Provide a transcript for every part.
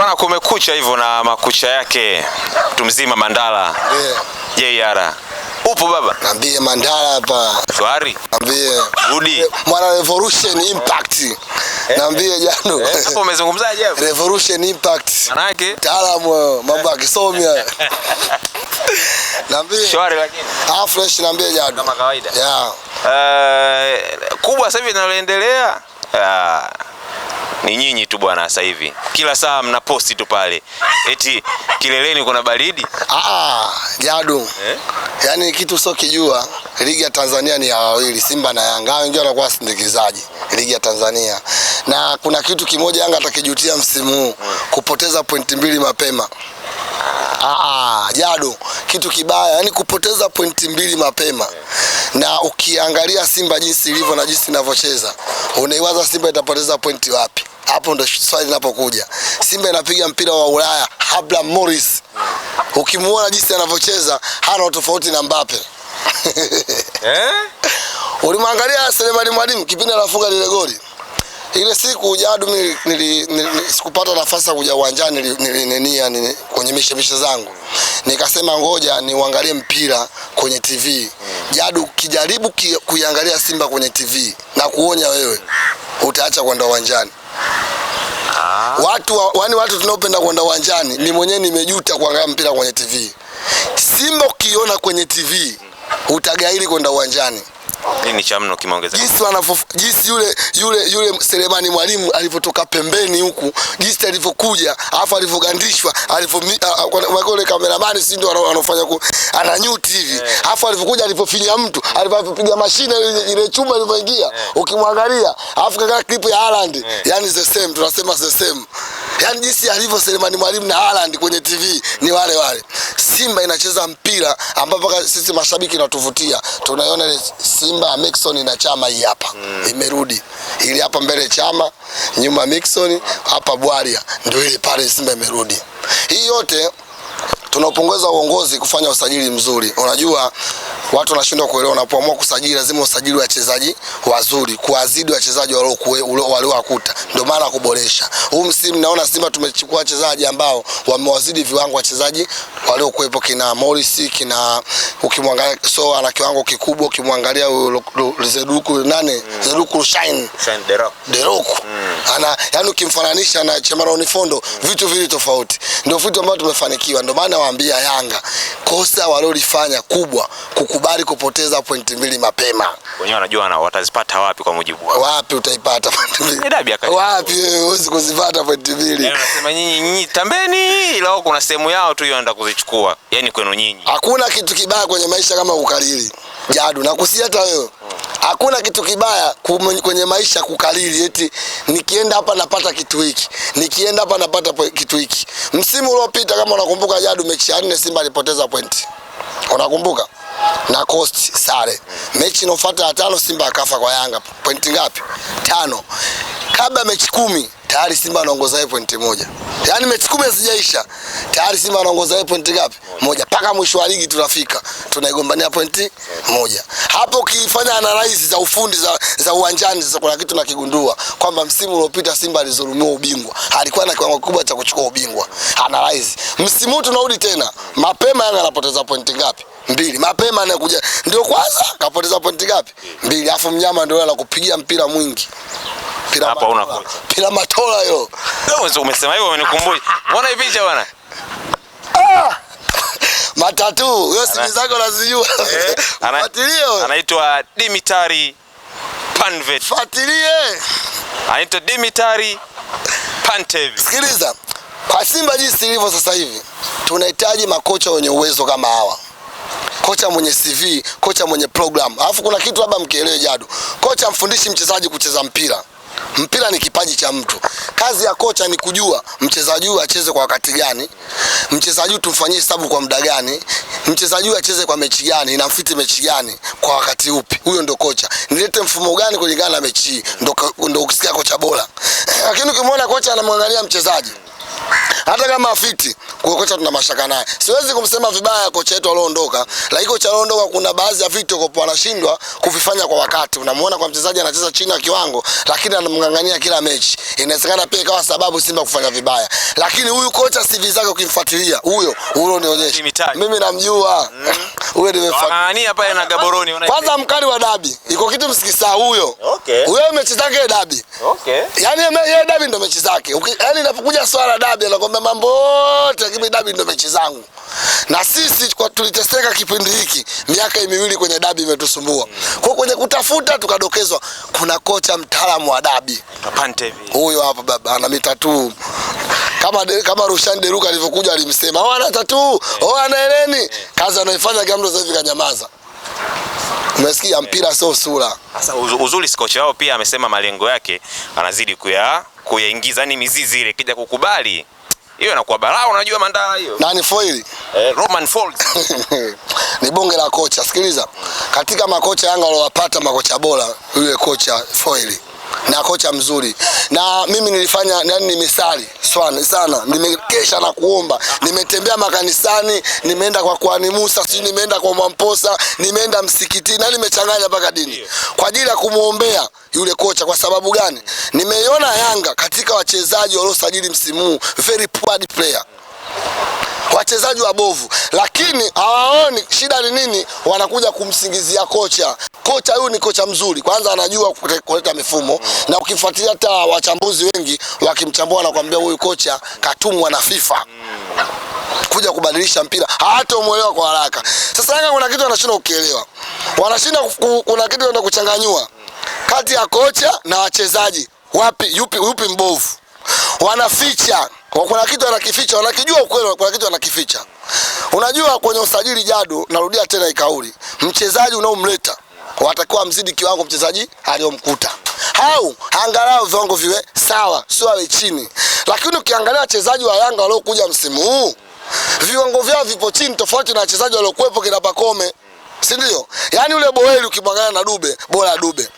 Bwana kumekucha hivyo na makucha yake mtu mzima Mandala. Yeah. Yara. Upo baba? nambie Mandala hapa. Shwari. nambie Rudi. Mwana Revolution Impact. Eh. Niambie Janu. Hapo eh, umezungumzaje hapo? Revolution Impact. manake taalamu Mtaalamu eh, mambo akisomi haya. nambie Shwari lakini. Ah, fresh nambie jano Kama kawaida. Yeah. Uh, kubwa sasa hivi linaloendelea. Uh, ni nyinyi tu bwana. Sasa hivi kila saa mna posti tu pale, eti kileleni kuna baridi. Ah, Jadu eh? Yaani kitu sio kijua, ligi ya Tanzania ni ya wawili, Simba na Yanga. wengi wanakuwa wasindikizaji ligi ya Tanzania, na kuna kitu kimoja Yanga atakijutia msimu huu hmm. kupoteza pointi mbili mapema ah, jado kitu kibaya, yani kupoteza pointi mbili mapema, na ukiangalia Simba jinsi ilivyo na jinsi inavyocheza, unaiwaza Simba itapoteza pointi wapi? Hapo ndo swali linapokuja. Simba inapiga mpira wa Ulaya habla Morris, ukimuona jinsi anavyocheza hana tofauti na Mbappe eh? Ulimwangalia Selemani Mwalimu kipindi anafunga lile goli ile siku Jadu sikupata nafasi ya kuja uwanjani, nilinenia kwenye mishemishe zangu, nikasema ngoja niuangalie mpira kwenye TV. Jadu kijaribu kuiangalia Simba kwenye TV na kuonya wewe, utaacha kwenda uwanjani. Ah. Watu yaani watu tunaopenda kwenda uwanjani, mimi mwenyewe nimejuta kuangalia mpira kwenye TV. Simba ukiona kwenye TV utagairi kwenda uwanjani. Nini cha mno kimeongezeka? Jinsi anavyo jinsi yule yule yule Selemani Mwalimu alivyotoka pembeni huku, jinsi alivyokuja, alafu alivyogandishwa, alivyowakole kameramani, si ndio wanaofanya ku ananyuti hivi. Eh. Alafu alivyokuja alivyofinya mtu, alivyopiga mashine ile ile chuma ilivyoingia, eh. ukimwangalia, alafu kaka clip ya Haaland, eh. yani the same, tunasema the same yani jinsi alivyo Selemani Mwalimu na Haaland kwenye TV ni wale wale. Simba inacheza mpira ambapo sisi mashabiki natuvutia, tunaiona ile Simba Mixon na Chama hii hapa mm. imerudi ili hapa mbele Chama nyuma Mixon hapa Bwaria ndio ile pale Simba imerudi hii yote tunapongeza uongozi kufanya usajili mzuri. Unajua watu wanashindwa kuelewa, unapoamua kusajili lazima usajili wachezaji wazuri kuwazidi wachezaji waliowakuta, ndio maana kuboresha. Huu msimu naona Simba tumechukua wachezaji ambao wamewazidi viwango wachezaji waliokuwepo, kina Morris, kina ukimwangalia so ana kiwango kikubwa, ukimwangalia Zeduku nane mm. Zeduku Shine shine mm. ana, yani ukimfananisha na Chamara Onifondo, mm. vitu vili tofauti, ndio vitu ambavyo tumefanikiwa, ndio maana nishawaambia Yanga kosa walolifanya kubwa kukubali kupoteza pointi mbili mapema. Wenyewe wanajua na watazipata wapi kwa mujibu wao. Wapi utaipata pointi mbili? Dabi akaja. Wapi huwezi kuzipata pointi mbili. Yaani unasema nyinyi nyinyi tambeni ila wao kuna sehemu yao tu yanaenda kuzichukua. Yaani kwenu nyinyi. Hakuna kitu kibaya kwenye maisha kama kukalili. Jadu na kusia hata wewe. Hakuna kitu kibaya kwenye maisha kukalili eti nikienda hapa napata kitu hiki. Nikienda hapa napata kitu hiki. Msimu uliopita kama unakumbuka Jadu mechi ya nne Simba alipoteza pointi, unakumbuka na Coast sare. Mechi inofuata ya tano Simba akafa kwa Yanga, pointi ngapi? Tano. Kabla mechi kumi tayari Simba anaongoza pointi moja, yaani mechi kumi hazijaisha tayari Simba anaongoza pointi ngapi? Moja. Mpaka mwisho wa ligi tunafika, tunaigombania pointi moja. Hapo ukifanya analysis za ufundi za, za uwanjani sasa, kuna kitu nakigundua kwamba msimu uliopita Simba alizulumiwa ubingwa, alikuwa na kiwango kikubwa cha kuchukua ubingwa. Analysis msimu huu tunarudi tena mapema, Yanga anapoteza pointi ngapi? Mbili. Mapema anakuja ndio kwanza kapoteza pointi ngapi? Mbili. Alafu mnyama ndio anakupigia mpira mwingi hapa una kocha. Pila matola yo. Wewe umesema hivyo umenikumbusha. Unaona hii picha bwana? Ah! Matatu, wewe siri zako lazijua. Eh, Fuatilia wewe. Anaitwa Dimitari Panvet. Fuatilie. Anaitwa Dimitari Pantev. Sikiliza. Kwa Simba jinsi ilivyo sasa hivi, tunahitaji makocha wenye uwezo kama hawa kocha mwenye CV, kocha mwenye program. Alafu kuna kitu labda mkielewe, Jadu, kocha mfundishi mchezaji kucheza mpira Mpira ni kipaji cha mtu. Kazi ya kocha ni kujua mchezaji huyu acheze kwa wakati gani, mchezaji huyu tumfanyie hesabu kwa muda gani, mchezaji huyu acheze kwa mechi gani, inamfiti mechi gani, kwa wakati upi. Huyo ndo kocha. Nilete mfumo gani kulingana na mechi hii, ndo ndo ukisikia kocha bora. Lakini ukimwona kocha anamwangalia mchezaji hata kama afiti kocha tuna mashaka naye. Siwezi kumsema vibaya kocha wetu aliondoka, lakini kocha aliondoka, kuna baadhi ya vitu kwa anashindwa kuvifanya kwa wakati. Unamuona kwa mchezaji anacheza chini ya kiwango, lakini anamngangania kila mechi. Inawezekana pia ikawa sababu Simba kufanya vibaya, lakini huyu kocha CV zake ukimfuatilia huyo huyo, nionyeshe mimi namjua mm. huyo. Nimefanya pale na Gaboroni, unaona kwanza mkali wa dabi, iko kitu msikisahau huyo. Okay, huyo mechi zake dabi. Okay, yani yeye dabi ndio mechi zake, yani inapokuja swala dabi, anakwambia mambo yote, lakini dabi ndio mechi zangu. Na sisi kwa tuliteseka kipindi hiki, miaka miwili kwenye dabi imetusumbua. Kwa kwenye kutafuta tukadokezwa, kuna kocha mtaalamu wa dabi Papante hivi. huyo hapa baba, ana mitatu kama de, kama Rushan Deruka alivyokuja alimsema, oh ana tatu, oh ana eleni. Kazi anaifanya kama mtu sasa hivi kanyamaza. Umesikia, mpira sio sura. Sasa uzuri, kocha wao pia amesema malengo yake anazidi kuya kuyaingiza ni mizizi ile kija kukubali hiyo inakuwa balaa, unajua Mandala hiyo. Nani foil? Eh, Roman Fold. Ni bonge la kocha. Sikiliza. Katika makocha Yanga waliowapata makocha bora yule kocha foil na kocha mzuri, na mimi nilifanya nani, nimesali sana, nimekesha na kuomba, nimetembea makanisani, nimeenda kwa kwani Musa, si nimeenda kwa Mwamposa, nimeenda msikitini na nimechanganya mpaka dini kwa ajili ya kumwombea yule kocha. Kwa sababu gani? Nimeiona Yanga katika wachezaji waliosajili msimu huu very poor player wachezaji wabovu, lakini hawaoni shida ni nini. Wanakuja kumsingizia kocha. Kocha huyu ni kocha mzuri, kwanza anajua kuleta mifumo, na ukifuatilia hata wachambuzi wengi wakimchambua, wanakuambia huyu kocha katumwa na FIFA kuja kubadilisha mpira, umuelewa kwa haraka. Sasa Yanga kuna kitu wanashinda kukielewa, wanashinda kuna kitu wanakuchanganyua kati ya kocha na wachezaji, wapi yupi, yupi mbovu wanaficha, kwa kuna kitu anakificha, wanakijua ukweli, kuna kitu anakificha. Unajua, kwenye usajili Jadu, narudia tena ikauli, mchezaji unaomleta watakiwa mzidi kiwango mchezaji aliyomkuta au angalau viwango viwe sawa, sio awe chini. Lakini ukiangalia wachezaji wa Yanga waliokuja msimu huu viwango vyao vipo chini, tofauti na wachezaji waliokuwepo kina Pakome, si ndio? Yaani ule Boeli ukimwangalia na Dube, bora Dube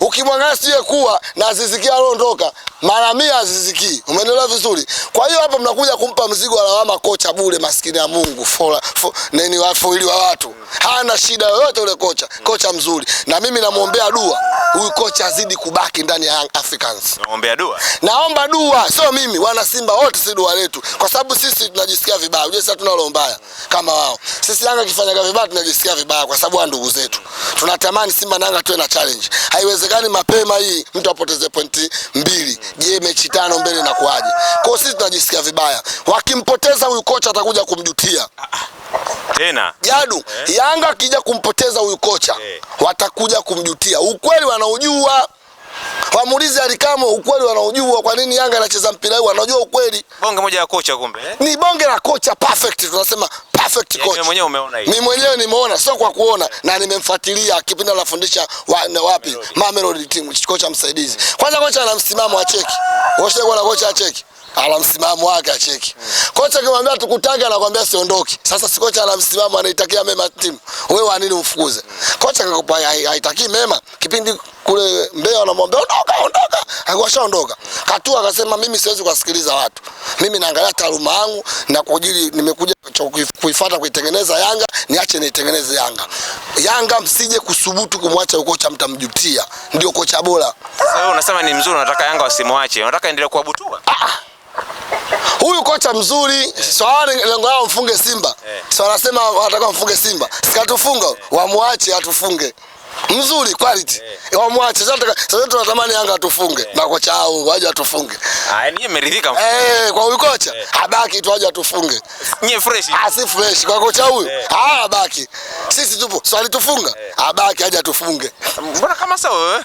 Ukimwangalia sio kuwa na azisikia aliondoka, mara mia azisikii. Umeelewa vizuri? Kwa hiyo hapa mnakuja kumpa mzigo wa lawama kocha bure, maskini ya Mungu, fola nini wafu ili wa watu. Hana shida yoyote ule kocha, kocha mzuri. Na mimi namuombea dua huyu kocha azidi kubaki ndani ya Young Africans. Naombea dua. Naomba dua, sio mimi, wana Simba wote si dua letu. Kwa sababu sisi tunajisikia vibaya. Unajua sisi tunalo mbaya kama wao. Sisi Yanga kifanyaga vibaya tunajisikia vibaya kwa sababu wa ndugu zetu. Tunatamani Simba na Yanga tuwe na challenge. Hai haiwezekani mapema hii mtu apoteze pointi mbili. Je, mechi tano mbele inakuwaje? Kwa sisi tunajisikia vibaya, wakimpoteza huyu kocha atakuja kumjutia tena Jadu eh. Yanga akija kumpoteza huyu kocha eh, watakuja kumjutia. Ukweli wanaujua, wamuulize Alikamo, ukweli wanaojua Kwa nini Yanga anacheza mpira huu? Wanajua ukweli. Bonge moja ya kocha kumbe eh? Ni bonge la kocha perfect, tunasema perfect yaani coach. Mimi mwenyewe umeona Mimi mwenyewe nimeona sio kwa kuona na nimemfuatilia kipindi anafundisha wa, wapi Mamelodi team kocha msaidizi. Kwanza kocha ana msimamo cheki. Wote kwa kocha cheki ana msimamo wake acheki. Kocha kimwambia tukutake, anakwambia siondoki. Sasa si kocha ana msimamo, anaitakia mema timu, wewe wa nini umfukuze kocha? Kakupa haitakii mema. Kipindi kule Mbeya wanamwambia ondoka, ondoka, akashaondoka. Katua akasema mimi siwezi kuwasikiliza watu, mimi naangalia taaluma yangu na kwa ajili nimekuja kuifuata kuitengeneza Yanga, niache niitengeneze Yanga. Yanga msije kusubutu kumwacha ukocha, mtamjutia. Ndio kocha bora. Sasa wewe unasema ni mzuri, unataka Yanga wasimwache, unataka endelee kuabutua ah. Huyu kocha mzuri, Swali lengo lao mfunge Simba. Eh. Swali nasema wanataka mfunge Simba, sikatufunga wamwache atufunge mzuri quality hey. Eh. Wamwache sasa, sasa tunatamani Yanga atufunge hey. Eh. kocha au waje atufunge ah, hey, kwa huyu kocha hey. Abaki tu waje atufunge nye fresh, ah, si fresh kwa kocha huyu hey. Ah, Abaki sisi tupo swali tufunga hey. Abaki aje atufunge. Mbona kama sawa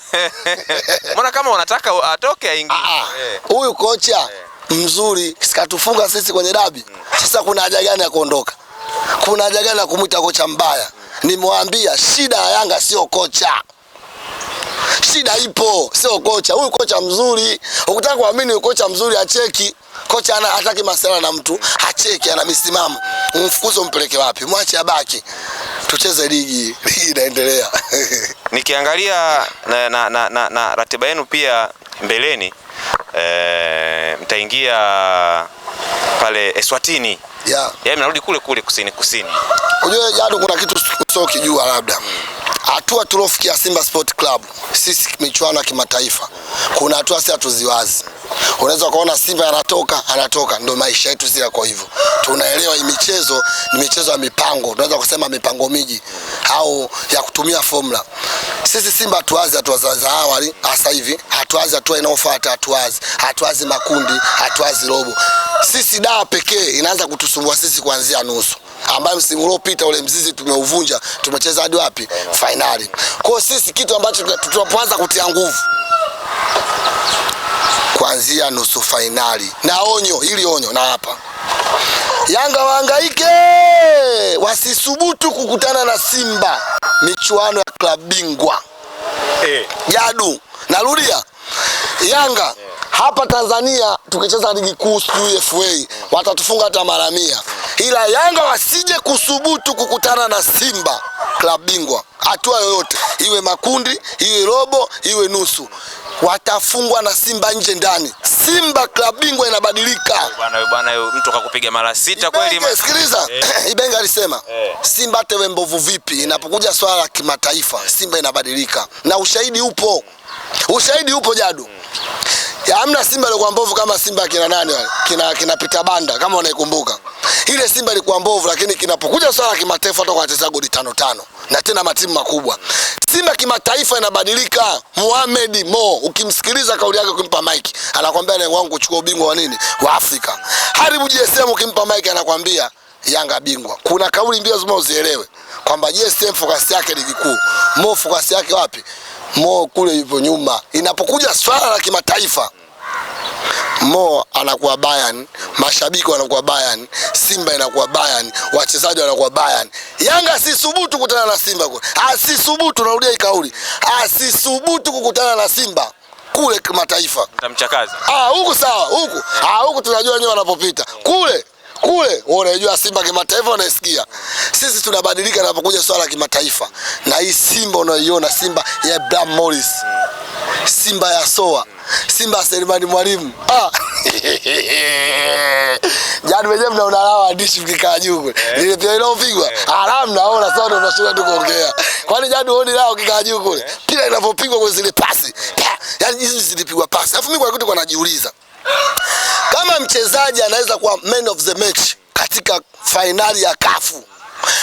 Mbona kama wanataka atoke aingie ah, ah. huyu kocha hey mzuri katufunga sisi kwenye dabi. Sasa kuna haja gani ya kuondoka? Kuna haja gani ya kumwita kocha mbaya? nimwambia shida ya Yanga sio kocha, shida ipo sio kocha. Huyu kocha mzuri, ukitaka kuamini huyu kocha mzuri acheki kocha ana hataki masuala na mtu, acheki ana misimamo. Umfukuze umpeleke wapi? Mwache abaki, tucheze ligi, ligi inaendelea. Nikiangalia na, na, na, na, na ratiba yenu pia mbeleni e, mtaingia pale Eswatini yeah. Yeah, yaani mnarudi kule kule kusini kusini. Unajua jado kuna kitu kijua labda Hatua tuliofikia Simba Sport Club sisi, michuano ya kimataifa kuna hatua sisi hatuziwazi. Unaweza kuona Simba anatoka anatoka, ndio maisha yetu sisi yako hivyo. Tunaelewa hii michezo ni michezo ya mipango, tunaweza kusema mipango miji au ya kutumia formula. Sisi Simba hatuwazi hatua za awali, hasa hivi hatuwazi hatua inayofuata, hatuwazi hatuwazi makundi, hatuwazi robo. Sisi dawa pekee inaanza kutusumbua sisi kuanzia nusu, ambayo msimu uliopita ule mzizi tumeuvunja, tumecheza hadi wapi? fainali. Kwa hiyo sisi kitu ambacho tutapoanza kutia nguvu kuanzia nusu fainali, na onyo hili, onyo na hapa Yanga wahangaike, wasisubutu kukutana na Simba michuano ya klabu bingwa eh. Jadu narudia, Yanga eh hapa Tanzania tukicheza ligi kuu sijui FA watatufunga hata mara mia, ila Yanga wasije kusubutu kukutana na Simba klabu bingwa hatua yoyote iwe makundi iwe robo iwe nusu, watafungwa na Simba nje ndani. Simba klabu bingwa inabadilika bwana. Bwana mtu akakupiga mara sita kweli? Sikiliza eh. Ibenga alisema eh. Simba tewe mbovu vipi, inapokuja swala la kimataifa Simba inabadilika, na ushahidi upo, ushahidi upo Jadu. Mm. Ya amna Simba alikuwa mbovu kama Simba kina nani wale? Kina kina Peter Banda kama unaikumbuka. Ile Simba ilikuwa mbovu lakini kinapokuja swala kimataifa toka wacheza goli tano tano na tena matimu makubwa. Simba kimataifa inabadilika. Mohamed Mo ukimsikiliza kauli yake ukimpa mic anakuambia lengo wangu kuchukua ubingwa wa nini? Wa Afrika. Haribu JSM ukimpa mic anakuambia Yanga bingwa. Kuna kauli mbili lazima uzielewe kwamba JSM focus yake ligi kuu. Mo focus yake wapi? Mo kule yupo nyuma. Inapokuja swala la kimataifa Mo anakuwa Bayern, mashabiki wanakuwa Bayern, Simba inakuwa Bayern, wachezaji wanakuwa Bayern. Yanga asithubutu kukutana na Simba kule, asithubutu. Narudia hii kauli, asithubutu kukutana na Simba kule kimataifa, mtamchakaza. Ah, huku sawa, huku ah, huku tunajua wenyewe wanapopita kule kule wao unajua Simba kimataifa unaisikia. Sisi tunabadilika tunapokuja swala la kimataifa, na hii Simba unaoiona Simba ya Ibrahim Morris, Simba ya Soa, Simba ya Selemani Mwalimu. Ah, jana yaani wenyewe mnaona lao andishi mkikaa juu kule eh. ile pia ile upigwa eh. alamu naona sasa tunashuka tu kuongea, kwani jana uone lao kikaa juu kule eh. kila inapopigwa kwa zile pasi, yani hizi zilipigwa pasi, alafu mimi kwa kitu kwa najiuliza kama mchezaji anaweza kuwa man of the match katika fainali ya kafu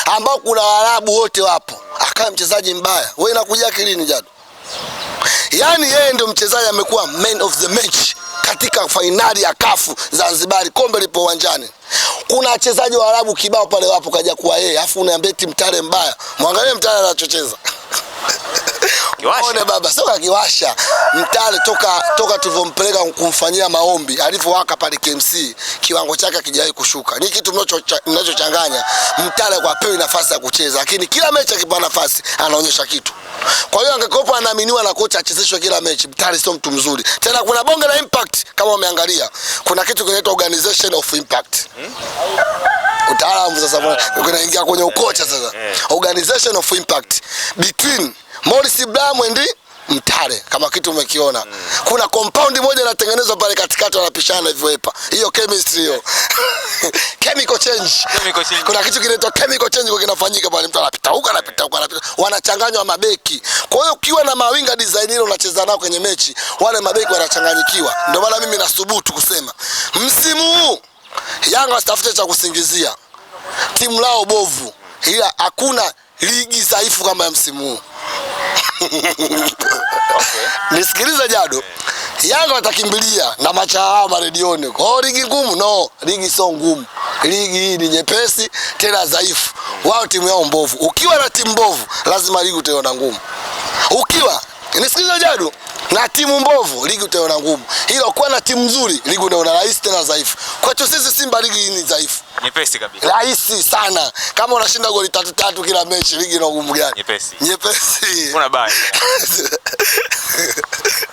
ambao kuna Waarabu wote wapo, akawa mchezaji mbaya, wewe inakuja akilini jado Yaani yeye ndio mchezaji amekuwa man of the match katika fainali ya kafu Zanzibari, kombe lipo uwanjani. Kuna wachezaji wa Arabu kibao pale wapo, kaja kuwa yeye, eh, afu unaambia eti Mtare mbaya. Mwangalie Mtare anachocheza Ona baba soka kiwasha Mtare toka, toka tulivyompeleka kumfanyia maombi alivyowaka pale KMC, kiwango chake kijawahi kushuka. Ni kitu mnachochanganya. Mtare kwa pewi nafasi ya kucheza, lakini kila mechi akipewa nafasi anaonyesha kitu. Kwa hiyo angekopa anaaminiwa na kocha achezeshwe kila mechi. Mtare sio mtu mzuri tena, kuna bonge la impact kama umeangalia kuna kitu kinaitwa organization of impact hmm? Utaalamu sasa kunaingia kwenye ukocha sasa, eh. organization of impact between Morris Ibrahim and mtare kama kitu umekiona mm. Kuna compound moja inatengenezwa pale katikati, wanapishana hivyo hapa, hiyo chemistry hiyo chemical change, chemical change. Kuna kitu kinaitwa chemical change kwa kinafanyika pale, mtu anapita huko anapita huko anapita, wanachanganywa mabeki. Kwa hiyo ukiwa na mawinga design ile unacheza nao kwenye mechi, wale mabeki wanachanganyikiwa. Ndio maana mimi nasubutu kusema msimu huu Yanga wasitafute cha kusingizia, timu lao bovu, ila hakuna ligi dhaifu kama ya msimu huu. nisikiliza Jado Yanga watakimbilia na hao maredioni. Kwa hiyo ligi ngumu? No, ligi sio ngumu. Ligi hii ni nyepesi tena dhaifu. Wao timu yao mbovu. Ukiwa na timu mbovu lazima ligi utaiona ngumu. Ukiwa nisikiliza Jado na timu mbovu ligi utaona ngumu, ila kuwa na timu nzuri ligi unaona rahisi tena dhaifu. Kwetu sisi Simba ligi ni dhaifu, nyepesi kabisa, rahisi sana. Kama unashinda goli tatu tatu kila mechi, ligi ina ngumu gani? Nyepesi, nyepesi. Kuna baya